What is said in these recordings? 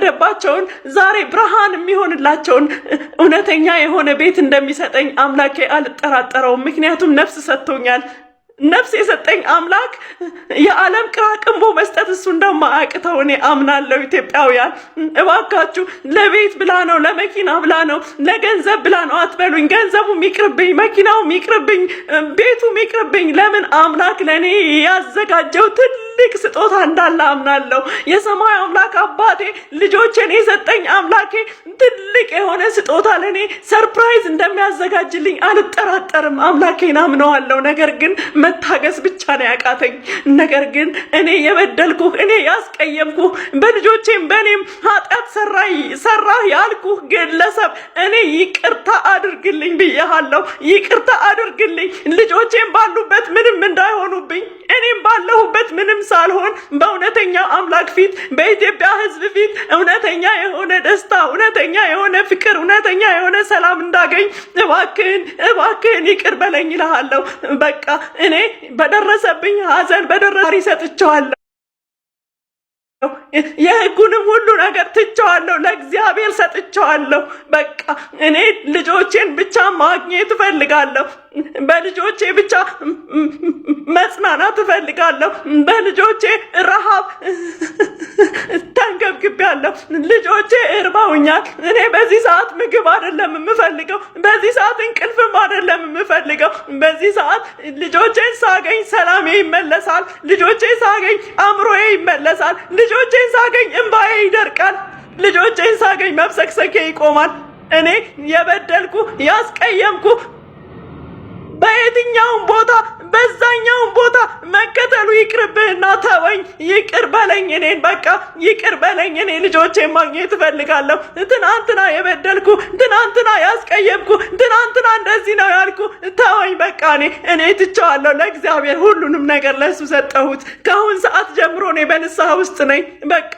የወረደባቸውን ዛሬ ብርሃን የሚሆንላቸውን እውነተኛ የሆነ ቤት እንደሚሰጠኝ አምላኬ አልጠራጠረውም። ምክንያቱም ነፍስ ሰጥቶኛል። ነፍስ የሰጠኝ አምላክ የዓለም ቅራቅንቦ መስጠት እሱ እንደማያቅተው እኔ አምናለሁ። ኢትዮጵያውያን እባካችሁ ለቤት ብላ ነው፣ ለመኪና ብላ ነው፣ ለገንዘብ ብላ ነው አትበሉኝ። ገንዘቡ ይቅርብኝ፣ መኪናው ይቅርብኝ፣ ቤቱ ይቅርብኝ። ለምን አምላክ ለእኔ ያዘጋጀው ትልቅ ስጦታ እንዳለ አምናለሁ። የሰማዩ አምላክ አባቴ ልጆቼን የሰጠኝ አምላኬ ትልቅ ትልቅ የሆነ ስጦታ ለእኔ ሰርፕራይዝ እንደሚያዘጋጅልኝ አልጠራጠርም። አምላኬን አምነዋለሁ። ነገር ግን መታገስ ብቻ ነው ያቃተኝ። ነገር ግን እኔ የበደልኩ እኔ ያስቀየምኩህ፣ በልጆቼም በእኔም ኃጢአት ሰራ ያልኩ ግለሰብ እኔ ይቅርታ አድርግልኝ ብያሃለሁ። ይቅርታ አድርግልኝ ልጆቼም ባሉበት ምንም እንዳይሆኑብኝ እኔም ባለሁበት ምንም ሳልሆን በእውነተኛ አምላክ ፊት በኢትዮጵያ ሕዝብ ፊት እውነተኛ የሆነ ደስታ እውነተኛ የሆነ የሆነ ፍቅር፣ እውነተኛ የሆነ ሰላም እንዳገኝ እባክህን እባክህን ይቅር በለኝ ይልሃለሁ። በቃ እኔ በደረሰብኝ ሀዘን በደረሰ ይሰጥቸዋለሁ የህጉንም ሁሉ ነገር ትቸዋለሁ፣ ለእግዚአብሔር ሰጥቸዋለሁ። በቃ እኔ ልጆቼን ብቻ ማግኘት እፈልጋለሁ። በልጆቼ ብቻ መጽናናት እፈልጋለሁ። በልጆቼ ረሃብ ተንገብግቤያለሁ። ልጆቼ እርባውኛል። እኔ በዚህ ሰዓት ምግብ አይደለም የምፈልገው፣ በዚህ ሰዓት እንቅልፍም አይደለም የምፈልገው። በዚህ ሰዓት ልጆቼን ሳገኝ ሰላሜ ይመለሳል። ልጆቼ ሳገኝ አእምሮዬ ይመለሳል። ልጆቼን ሳገኝ እምባዬ ይደርቃል። ልጆቼን ሳገኝ መብሰክሰኬ ይቆማል። እኔ የበደልኩ ያስቀየምኩ በየትኛውም ቦታ በዛኛውን ቦታ መከተሉ ይቅርብህና ተወኝ፣ ይቅር በለኝ፣ እኔን በቃ ይቅር በለኝ። እኔ ልጆቼ ማግኘት እፈልጋለሁ። ትናንትና የበደልኩ፣ ትናንትና ያስቀየምኩ፣ ትናንትና እንደዚህ ነው ያልኩ፣ ተወኝ በቃ። እኔ እኔ ትቼዋለሁ ለእግዚአብሔር፣ ሁሉንም ነገር ለእሱ ሰጠሁት። ከአሁን ሰዓት ጀምሮ እኔ በንስሐ ውስጥ ነኝ። በቃ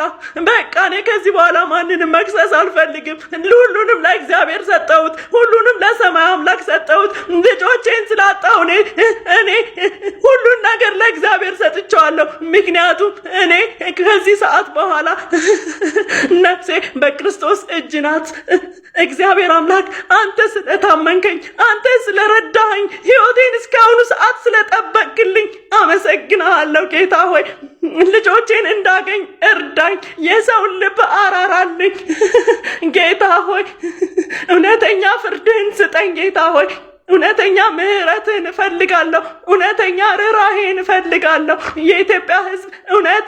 በቃ፣ እኔ ከዚህ በኋላ ማንንም መክሰስ አልፈልግም። ሁሉንም ለእግዚአብሔር ሰጠሁት፣ ሁሉንም ለሰማይ አምላክ ሰጠሁት። ልጆቼን ስላጣሁ እኔ እኔ ሁሉን ነገር ለእግዚአብሔር ሰጥቼዋለሁ። ምክንያቱም እኔ ከዚህ ሰዓት በኋላ ነፍሴ በክርስቶስ እጅ ናት። እግዚአብሔር አምላክ አንተ ስለታመንከኝ፣ አንተ ስለረዳኸኝ፣ ሕይወቴን እስካሁኑ ሰዓት ስለጠበቅልኝ አመሰግናለሁ። ጌታ ሆይ ልጆቼን እንዳገኝ እርዳኝ፣ የሰውን ልብ አራራልኝ። ጌታ ሆይ እውነተኛ ፍርድህን ስጠኝ። ጌታ ሆይ እውነተኛ ምህረትን እፈልጋለሁ። እውነተኛ ርኅራሄን እፈልጋለሁ። የኢትዮጵያ ሕዝብ እውነት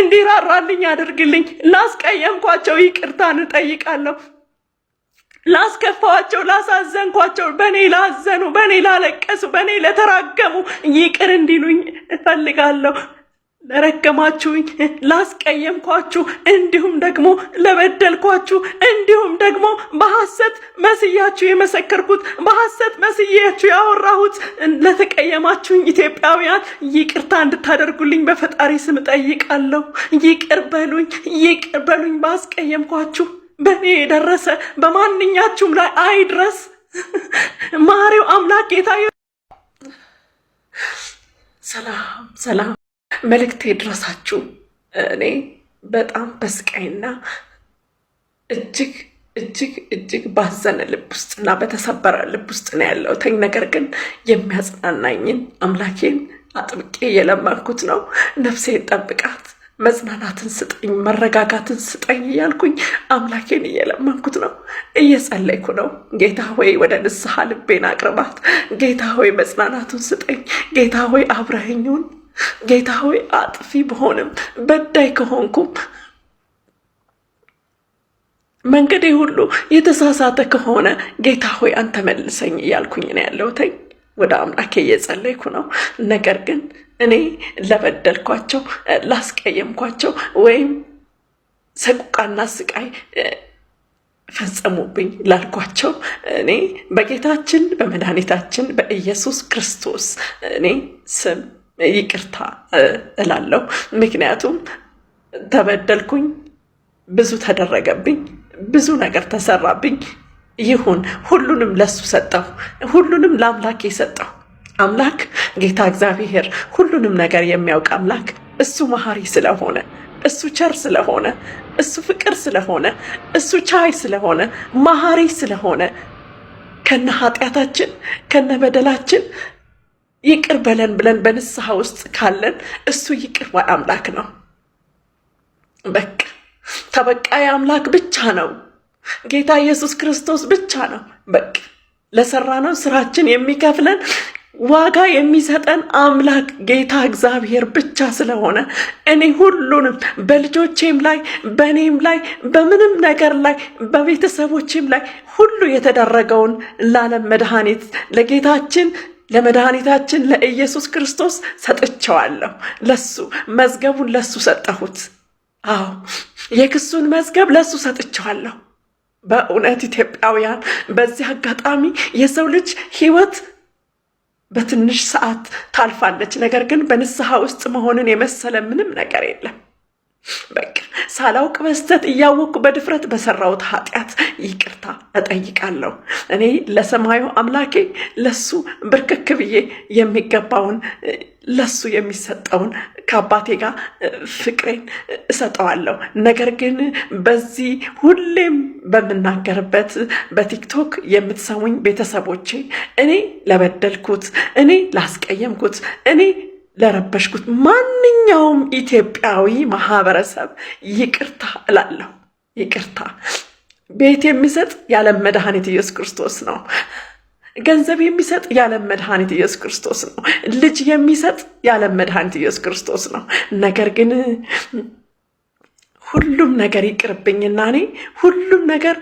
እንዲራራልኝ አድርግልኝ። ላስቀየምኳቸው ይቅርታን እጠይቃለሁ። ላስከፋዋቸው፣ ላሳዘንኳቸው፣ በእኔ ላዘኑ፣ በእኔ ላለቀሱ፣ በእኔ ለተራገሙ ይቅር እንዲሉኝ እፈልጋለሁ። ለረገማችሁኝ፣ ላስቀየምኳችሁ፣ እንዲሁም ደግሞ ለበደልኳችሁ፣ እንዲሁም ደግሞ በሐሰት መስያችሁ የመሰከርኩት በሐሰት መስያችሁ ያወራሁት ለተቀየማችሁኝ ኢትዮጵያውያን ይቅርታ እንድታደርጉልኝ በፈጣሪ ስም ጠይቃለሁ። ይቅር በሉኝ፣ ይቅር በሉኝ። ባስቀየምኳችሁ በእኔ የደረሰ በማንኛችሁም ላይ አይድረስ። ማሪው አምላክ ጌታ ሰላም ሰላም መልእክቴ ድረሳችሁ። እኔ በጣም በስቃይና እጅግ እጅግ እጅግ ባዘነ ልብ ውስጥ እና በተሰበረ ልብ ውስጥ ነው ያለሁትኝ። ነገር ግን የሚያጽናናኝን አምላኬን አጥብቄ እየለመንኩት ነው። ነፍሴን ጠብቃት፣ መጽናናትን ስጠኝ፣ መረጋጋትን ስጠኝ እያልኩኝ አምላኬን እየለመንኩት ነው፣ እየጸለይኩ ነው። ጌታ ሆይ ወደ ንስሐ ልቤን አቅርባት። ጌታ ሆይ መጽናናቱን ስጠኝ። ጌታ ሆይ አብረህኝውን ጌታ ሆይ አጥፊ ብሆንም በዳይ ከሆንኩም መንገዴ ሁሉ የተሳሳተ ከሆነ ጌታ ሆይ አንተ መልሰኝ እያልኩኝ ነው ያለሁትኝ። ወደ አምላኬ እየጸለይኩ ነው። ነገር ግን እኔ ለበደልኳቸው፣ ላስቀየምኳቸው ወይም ሰቁቃና ስቃይ ፈጸሙብኝ ላልኳቸው እኔ በጌታችን በመድኃኒታችን በኢየሱስ ክርስቶስ እኔ ስም ይቅርታ እላለሁ። ምክንያቱም ተበደልኩኝ፣ ብዙ ተደረገብኝ፣ ብዙ ነገር ተሰራብኝ። ይሁን ሁሉንም ለሱ ሰጠሁ፣ ሁሉንም ለአምላክ የሰጠሁ አምላክ ጌታ እግዚአብሔር ሁሉንም ነገር የሚያውቅ አምላክ እሱ መሐሪ ስለሆነ እሱ ቸር ስለሆነ እሱ ፍቅር ስለሆነ እሱ ቻይ ስለሆነ መሐሪ ስለሆነ ከነ ኃጢአታችን ከነ በደላችን ይቅር በለን ብለን በንስሐ ውስጥ ካለን እሱ ይቅር ባይ አምላክ ነው። በቃ ተበቃይ አምላክ ብቻ ነው። ጌታ ኢየሱስ ክርስቶስ ብቻ ነው። በቃ ለሰራነው ስራችን የሚከፍለን ዋጋ የሚሰጠን አምላክ ጌታ እግዚአብሔር ብቻ ስለሆነ እኔ ሁሉንም በልጆቼም ላይ በእኔም ላይ በምንም ነገር ላይ በቤተሰቦቼም ላይ ሁሉ የተደረገውን ላለም መድኃኒት ለጌታችን ለመድኃኒታችን ለኢየሱስ ክርስቶስ ሰጥቸዋለሁ ለሱ መዝገቡን ለሱ ሰጠሁት። አዎ የክሱን መዝገብ ለሱ ሰጥቸዋለሁ በእውነት ኢትዮጵያውያን፣ በዚህ አጋጣሚ የሰው ልጅ ህይወት በትንሽ ሰዓት ታልፋለች። ነገር ግን በንስሐ ውስጥ መሆንን የመሰለ ምንም ነገር የለም። በቃ ሳላውቅ በስተት እያወቅኩ በድፍረት በሰራሁት ኃጢአት ይቅርታ እጠይቃለሁ። እኔ ለሰማዩ አምላኬ ለሱ ብርክክ ብዬ የሚገባውን ለሱ የሚሰጠውን ከአባቴ ጋር ፍቅሬን እሰጠዋለሁ። ነገር ግን በዚህ ሁሌም በምናገርበት በቲክቶክ የምትሰሙኝ ቤተሰቦቼ እኔ ለበደልኩት፣ እኔ ላስቀየምኩት፣ እኔ ለረበሽኩት ማንኛውም ኢትዮጵያዊ ማህበረሰብ ይቅርታ እላለሁ። ይቅርታ ቤት የሚሰጥ ያለም መድኃኒት ኢየሱስ ክርስቶስ ነው። ገንዘብ የሚሰጥ ያለም መድኃኒት ኢየሱስ ክርስቶስ ነው። ልጅ የሚሰጥ ያለም መድኃኒት ኢየሱስ ክርስቶስ ነው። ነገር ግን ሁሉም ነገር ይቅርብኝና እኔ ሁሉም ነገር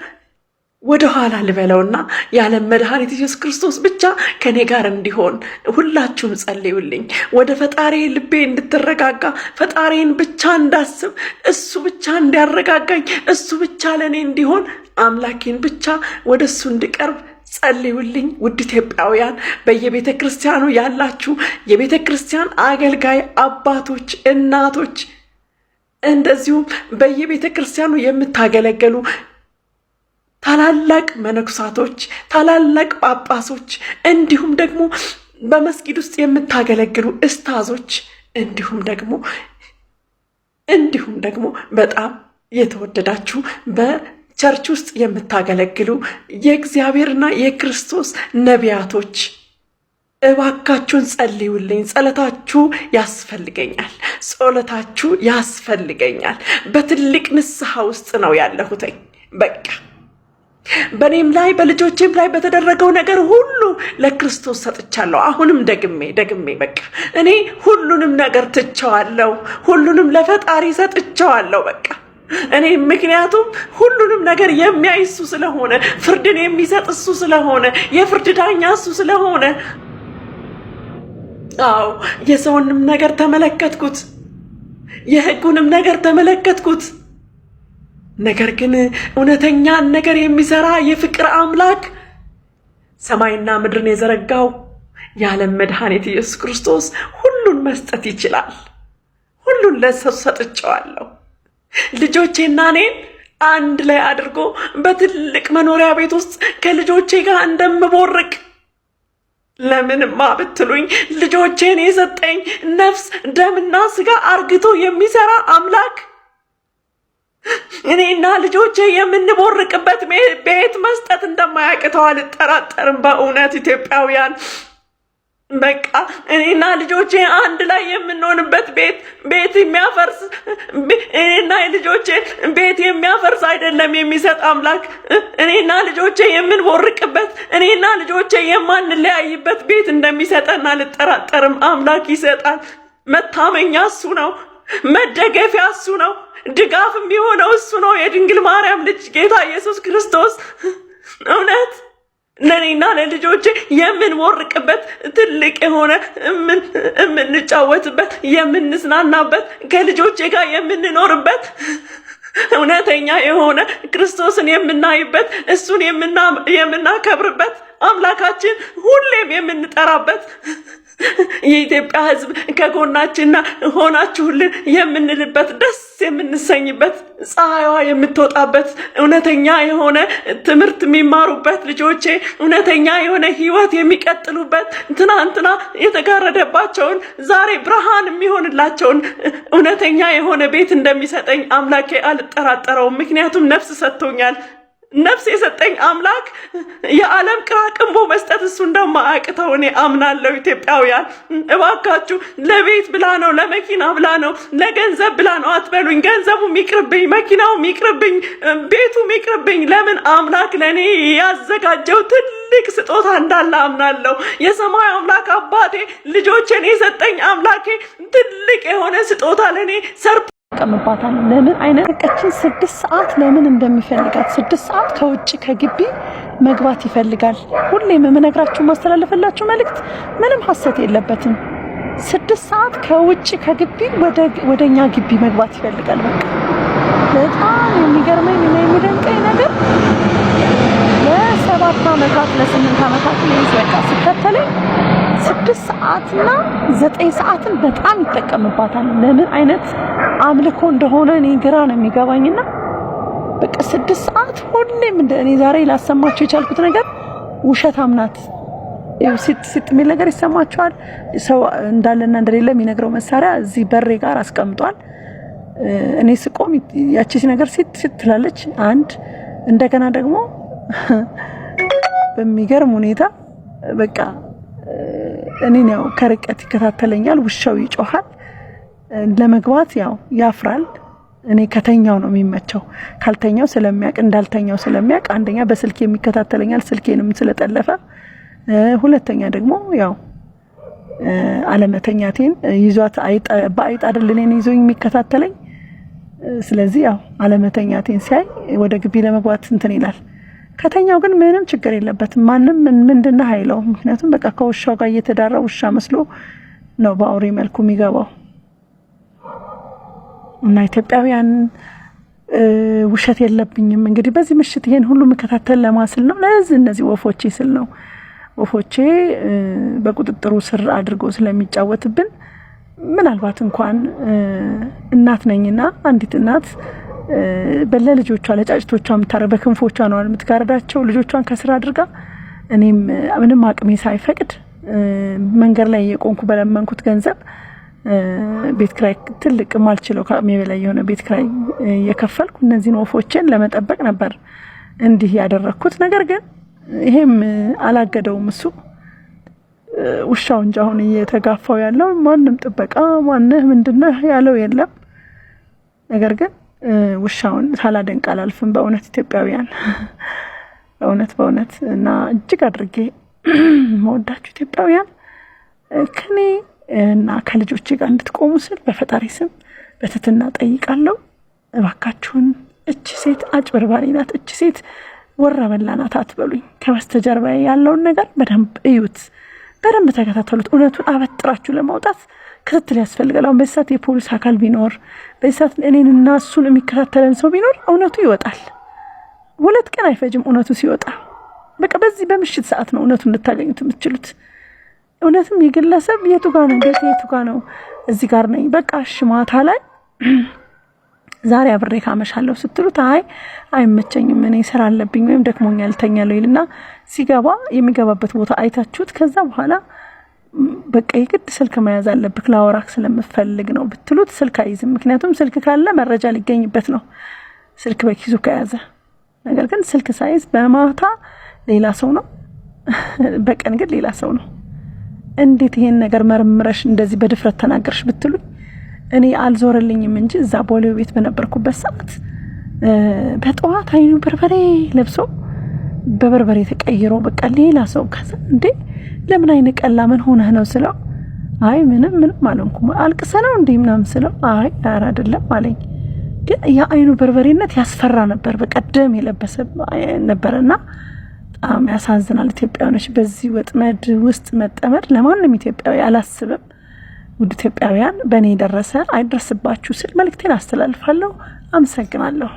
ወደ ኋላ ልበለውና የዓለም መድኃኒት ኢየሱስ ክርስቶስ ብቻ ከኔ ጋር እንዲሆን ሁላችሁም ጸልዩልኝ። ወደ ፈጣሪ ልቤ እንድትረጋጋ ፈጣሪን ብቻ እንዳስብ፣ እሱ ብቻ እንዲያረጋጋኝ፣ እሱ ብቻ ለእኔ እንዲሆን፣ አምላኬን ብቻ ወደ እሱ እንድቀርብ ጸልዩልኝ። ውድ ኢትዮጵያውያን በየቤተ ክርስቲያኑ ያላችሁ የቤተ ክርስቲያን አገልጋይ አባቶች፣ እናቶች እንደዚሁም በየቤተ ክርስቲያኑ የምታገለገሉ ታላላቅ መነኩሳቶች፣ ታላላቅ ጳጳሶች እንዲሁም ደግሞ በመስጊድ ውስጥ የምታገለግሉ እስታዞች እንዲሁም ደግሞ እንዲሁም ደግሞ በጣም የተወደዳችሁ በቸርች ውስጥ የምታገለግሉ የእግዚአብሔርና የክርስቶስ ነቢያቶች እባካችሁን ጸልዩልኝ። ጸሎታችሁ ያስፈልገኛል። ጸሎታችሁ ያስፈልገኛል። በትልቅ ንስሐ ውስጥ ነው ያለሁትኝ። በቃ በእኔም ላይ በልጆቼም ላይ በተደረገው ነገር ሁሉ ለክርስቶስ ሰጥቻለሁ። አሁንም ደግሜ ደግሜ በቃ እኔ ሁሉንም ነገር ትቸዋለሁ፣ ሁሉንም ለፈጣሪ ሰጥቸዋለሁ። በቃ እኔ ምክንያቱም ሁሉንም ነገር የሚያይ እሱ ስለሆነ፣ ፍርድን የሚሰጥ እሱ ስለሆነ፣ የፍርድ ዳኛ እሱ ስለሆነ፣ አዎ የሰውንም ነገር ተመለከትኩት፣ የህጉንም ነገር ተመለከትኩት። ነገር ግን እውነተኛን ነገር የሚሰራ የፍቅር አምላክ ሰማይና ምድርን የዘረጋው የዓለም መድኃኒት ኢየሱስ ክርስቶስ ሁሉን መስጠት ይችላል። ሁሉን ለሰው ሰጥቼዋለሁ። ልጆቼና እኔን አንድ ላይ አድርጎ በትልቅ መኖሪያ ቤት ውስጥ ከልጆቼ ጋር እንደምቦርቅ ለምንማ ብትሉኝ ልጆቼን የሰጠኝ ነፍስ ደምና ስጋ አርግቶ የሚሰራ አምላክ እኔና ልጆቼ የምንቦርቅበት ቤት መስጠት እንደማያቅተው አልጠራጠርም። በእውነት ኢትዮጵያውያን በቃ እኔና ልጆቼ አንድ ላይ የምንሆንበት ቤት ቤት የሚያፈርስ እኔና ልጆቼ ቤት የሚያፈርስ አይደለም የሚሰጥ አምላክ። እኔና ልጆቼ የምንቦርቅበት፣ እኔና ልጆቼ የማንለያይበት ቤት እንደሚሰጠን አልጠራጠርም። አምላክ ይሰጣል። መታመኛ እሱ ነው። መደገፊያ እሱ ነው። ድጋፍ የሚሆነው እሱ ነው። የድንግል ማርያም ልጅ ጌታ ኢየሱስ ክርስቶስ እውነት ለእኔና ለልጆቼ የምንወርቅበት ትልቅ የሆነ የምንጫወትበት፣ የምንዝናናበት፣ ከልጆቼ ጋር የምንኖርበት እውነተኛ የሆነ ክርስቶስን የምናይበት፣ እሱን የምናከብርበት፣ አምላካችን ሁሌም የምንጠራበት የኢትዮጵያ ሕዝብ ከጎናችንና ሆናችሁልን የምንልበት ደስ የምንሰኝበት ፀሐይዋ የምትወጣበት እውነተኛ የሆነ ትምህርት የሚማሩበት ልጆቼ እውነተኛ የሆነ ህይወት የሚቀጥሉበት ትናንትና የተጋረደባቸውን ዛሬ ብርሃን የሚሆንላቸውን እውነተኛ የሆነ ቤት እንደሚሰጠኝ አምላኬ አልጠራጠረውም። ምክንያቱም ነፍስ ሰጥቶኛል። ነፍስ የሰጠኝ አምላክ የዓለም ቅራቅንቦ መስጠት እሱ እንደማያቅተው እኔ አምናለሁ። ኢትዮጵያውያን እባካችሁ ለቤት ብላ ነው፣ ለመኪና ብላ ነው፣ ለገንዘብ ብላ ነው አትበሉኝ። ገንዘቡ ይቅርብኝ፣ መኪናው ይቅርብኝ፣ ቤቱ ይቅርብኝ። ለምን አምላክ ለእኔ ያዘጋጀው ትልቅ ስጦታ እንዳለ አምናለሁ። የሰማዩ አምላክ አባቴ እኔ የሰጠኝ አምላኬ ትልቅ የሆነ ስጦታ ለእኔ ሰርፕ ቀምባታል ለምን አይነት ቀችን ስድስት ሰዓት ለምን እንደሚፈልጋት ስድስት ሰዓት ከውጭ ከግቢ መግባት ይፈልጋል። ሁሌም የምነግራችሁ ማስተላለፈላችሁ መልእክት ምንም ሀሰት የለበትም። ስድስት ሰዓት ከውጭ ከግቢ ወደ እኛ ግቢ መግባት ይፈልጋል። በቃ በጣም የሚገርመኝ እና የሚደንቀኝ ነገር ለሰባት ዓመታት ለስምንት ዓመታት ይዝ በቃ ስከተለኝ ስድስት ሰዓትና ዘጠኝ ሰዓትን በጣም ይጠቀምባታል። ለምን አይነት አምልኮ እንደሆነ እኔ ግራ ነው የሚገባኝና በቃ ስድስት ሰዓት ሁሌም እንደ እኔ ዛሬ ላሰማቸው የቻልኩት ነገር ውሸታም ናት። ሲጥ የሚል ነገር ይሰማቸዋል። ሰው እንዳለና እንደሌለ የሚነግረው መሳሪያ እዚህ በሬ ጋር አስቀምጧል። እኔ ስቆም ያቺ ነገር ሲጥ ሲጥ ትላለች። አንድ እንደገና ደግሞ በሚገርም ሁኔታ በቃ እኔን ያው ከርቀት ይከታተለኛል። ውሻው ይጮሃል። ለመግባት ያው ያፍራል። እኔ ከተኛው ነው የሚመቸው። ካልተኛው ስለሚያውቅ እንዳልተኛው ስለሚያውቅ አንደኛ በስልኬ የሚከታተለኛል፣ ስልኬንም ስለጠለፈ፣ ሁለተኛ ደግሞ ያው አለመተኛቴን ይዟት በአይጥ አይደል እኔን ይዞኝ የሚከታተለኝ። ስለዚህ ያው አለመተኛቴን ሲያይ ወደ ግቢ ለመግባት እንትን ይላል። ከተኛው ግን ምንም ችግር የለበትም። ማንም ምንድነ አይለው። ምክንያቱም በቃ ከውሻው ጋር እየተዳራ ውሻ መስሎ ነው በአውሬ መልኩ የሚገባው እና ኢትዮጵያውያን ውሸት የለብኝም። እንግዲህ በዚህ ምሽት ይሄን ሁሉ የምከታተል ለማስል ነው፣ ለዚህ እነዚህ ወፎቼ ስል ነው። ወፎቼ በቁጥጥሩ ስር አድርጎ ስለሚጫወትብን ምናልባት እንኳን እናት ነኝና አንዲት እናት በለልጆቿ ለጫጭቶቿ የምታረ በክንፎቿ ነው የምትጋርዳቸው። ልጆቿን ከስራ አድርጋ እኔም ምንም አቅሜ ሳይፈቅድ መንገድ ላይ የቆንኩ በለመንኩት ገንዘብ ቤት ክራይ ትልቅ ማልችለው ከአቅሜ በላይ የሆነ ቤት ክራይ እየከፈልኩ እነዚህን ወፎችን ለመጠበቅ ነበር እንዲህ ያደረግኩት። ነገር ግን ይሄም አላገደውም። እሱ ውሻው እንጂ አሁን እየተጋፋው ያለው ማንም ጥበቃ ማንህ ምንድነህ ያለው የለም። ነገር ግን ውሻውን ሳላደንቅ አላልፍም። በእውነት ኢትዮጵያውያን፣ በእውነት በእውነት እና እጅግ አድርጌ መወዳችሁ ኢትዮጵያውያን ከኔ እና ከልጆቼ ጋር እንድትቆሙ ስል በፈጣሪ ስም በትትና ጠይቃለሁ። እባካችሁን እች ሴት አጭበርባሪ ናት፣ እች ሴት ወረበላ ናት አትበሉኝ። ከበስተጀርባ ያለውን ነገር በደንብ እዩት፣ በደንብ ተከታተሉት። እውነቱን አበጥራችሁ ለማውጣት ክትትል ያስፈልጋል። አሁን በዚህ ሰዓት የፖሊስ አካል ቢኖር በዚህ ሰዓት እኔን እና እሱን የሚከታተለን ሰው ቢኖር እውነቱ ይወጣል። ሁለት ቀን አይፈጅም እውነቱ ሲወጣ። በቃ በዚህ በምሽት ሰዓት ነው እውነቱ እንድታገኙት የምትችሉት። እውነትም የግለሰብ የቱ ጋ ነው ቤት የቱ ጋ ነው እዚህ ጋር ነኝ በቃ ሽማታ ላይ ዛሬ አብሬ ካመሻለሁ ስትሉት አይ አይመቸኝም፣ እኔ ስራ አለብኝ ወይም ደክሞኛል ተኛለሁ ይልና ሲገባ የሚገባበት ቦታ አይታችሁት ከዛ በኋላ በቃ የግድ ስልክ መያዝ አለብህ ለአውራክ ስለምፈልግ ነው ብትሉት ስልክ አይዝም። ምክንያቱም ስልክ ካለ መረጃ ሊገኝበት ነው ስልክ በኪሱ ከያዘ። ነገር ግን ስልክ ሳይዝ በማታ ሌላ ሰው ነው፣ በቀን ግን ሌላ ሰው ነው። እንዴት ይሄን ነገር መርምረሽ እንደዚህ በድፍረት ተናገርሽ ብትሉኝ እኔ አልዞረልኝም እንጂ እዛ ቦሌው ቤት በነበርኩበት ሰዓት በጠዋት አይኑ በርበሬ ለብሶ በበርበሬ ተቀይሮ በቃ ሌላ ሰው ከዛ እንዴ ለምን ቀላ ምን ሆነህ ነው ስለው አይ ምንም ምንም አልሆንኩም አልቅሰ ነው እንዴ ምናምን ስለው አይ ኧረ አይደለም አለኝ። ግን የአይኑ በርበሬነት ያስፈራ ነበር በቀደም የለበሰ ነበረና በጣም ያሳዝናል። ኢትዮጵያውያኖች በዚህ ወጥመድ ውስጥ መጠመድ ለማንም ኢትዮጵያዊ አላስብም። ውድ ኢትዮጵያውያን በእኔ የደረሰ አይደርስባችሁ ስል መልክቴን አስተላልፋለሁ። አመሰግናለሁ።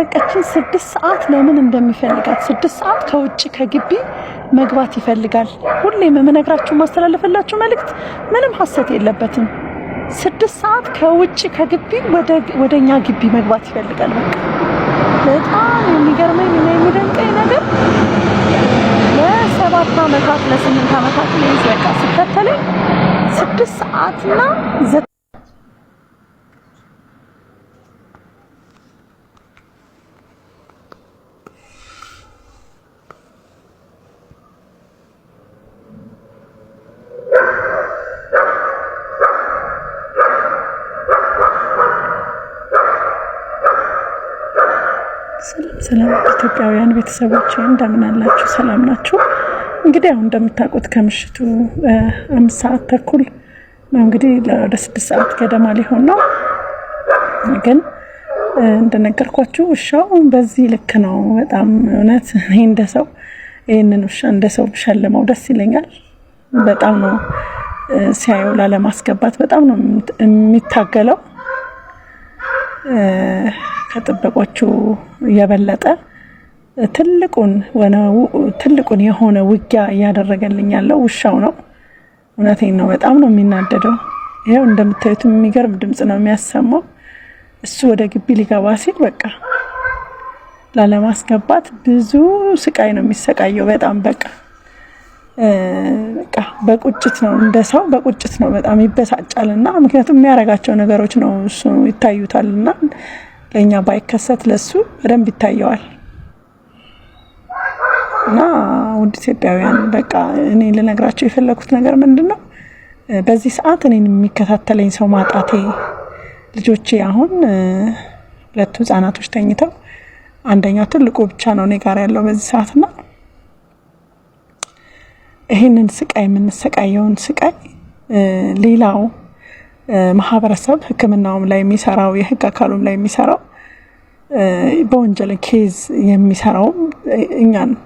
ያበቃችን ስድስት ሰዓት ለምን እንደሚፈልጋት ስድስት ሰዓት ከውጭ ከግቢ መግባት ይፈልጋል። ሁሌም የምነግራችሁ ማስተላለፈላችሁ መልእክት ምንም ሀሰት የለበትም። ስድስት ሰዓት ከውጭ ከግቢ ወደ እኛ ግቢ መግባት ይፈልጋል። በቃ በጣም የሚገርመኝ እና የሚደንቀኝ ነገር ለሰባት ዓመታት ለስምንት ዓመታት ይዝ በቃ ስከተለኝ ስድስት ሰዓትና ሰላም ኢትዮጵያውያን ቤተሰቦች እንደምን አላችሁ? ሰላም ናችሁ? እንግዲህ አሁን እንደምታውቁት ከምሽቱ አምስት ሰዓት ተኩል ነው እንግዲህ ወደ ስድስት ሰዓት ገደማ ሊሆን ነው። ግን እንደነገርኳችሁ ውሻው በዚህ ልክ ነው። በጣም እውነት እኔ እንደ ሰው ይህንን ውሻ እንደ ሰው ብሸልመው ደስ ይለኛል። በጣም ነው ሲያዩ ላለማስገባት በጣም ነው የሚታገለው። ከጥበቆቹ የበለጠ ትልቁን ትልቁን የሆነ ውጊያ እያደረገልኝ ያለው ውሻው ነው። እውነቴን ነው። በጣም ነው የሚናደደው። ይኸው እንደምታዩት የሚገርም ድምፅ ነው የሚያሰማው። እሱ ወደ ግቢ ሊገባ ሲል በቃ ላለማስገባት ብዙ ስቃይ ነው የሚሰቃየው። በጣም በቃ በቃ በቁጭት ነው እንደ ሰው በቁጭት ነው በጣም ይበሳጫል። እና ምክንያቱም የሚያደርጋቸው ነገሮች ነው እሱ ይታዩታል እና ለእኛ ባይከሰት ለሱ በደንብ ይታየዋል። እና ውድ ኢትዮጵያውያን በቃ እኔ ልነግራቸው የፈለኩት ነገር ምንድን ነው፣ በዚህ ሰዓት እኔን የሚከታተለኝ ሰው ማጣቴ። ልጆቼ አሁን ሁለቱ ህጻናቶች ተኝተው፣ አንደኛው ትልቁ ብቻ ነው እኔ ጋር ያለው በዚህ ሰዓት እና ይህንን ስቃይ የምንሰቃየውን ስቃይ ሌላው ማህበረሰብ ህክምናውም ላይ የሚሰራው የህግ አካሉም ላይ የሚሰራው በወንጀል ኬዝ የሚሰራውም እኛ ነው።